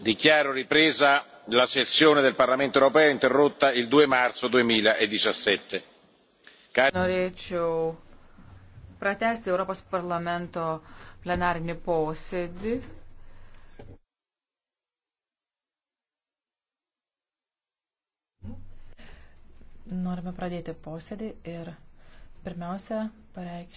dichiaro ripresa la sessione del parlamento europeo interrotta il due marzo. duemiladiciassette norėčiau pratęsti europos parlamento plenarinį posėdį. norime pradėti posėdį ir pirmiausia pareikšti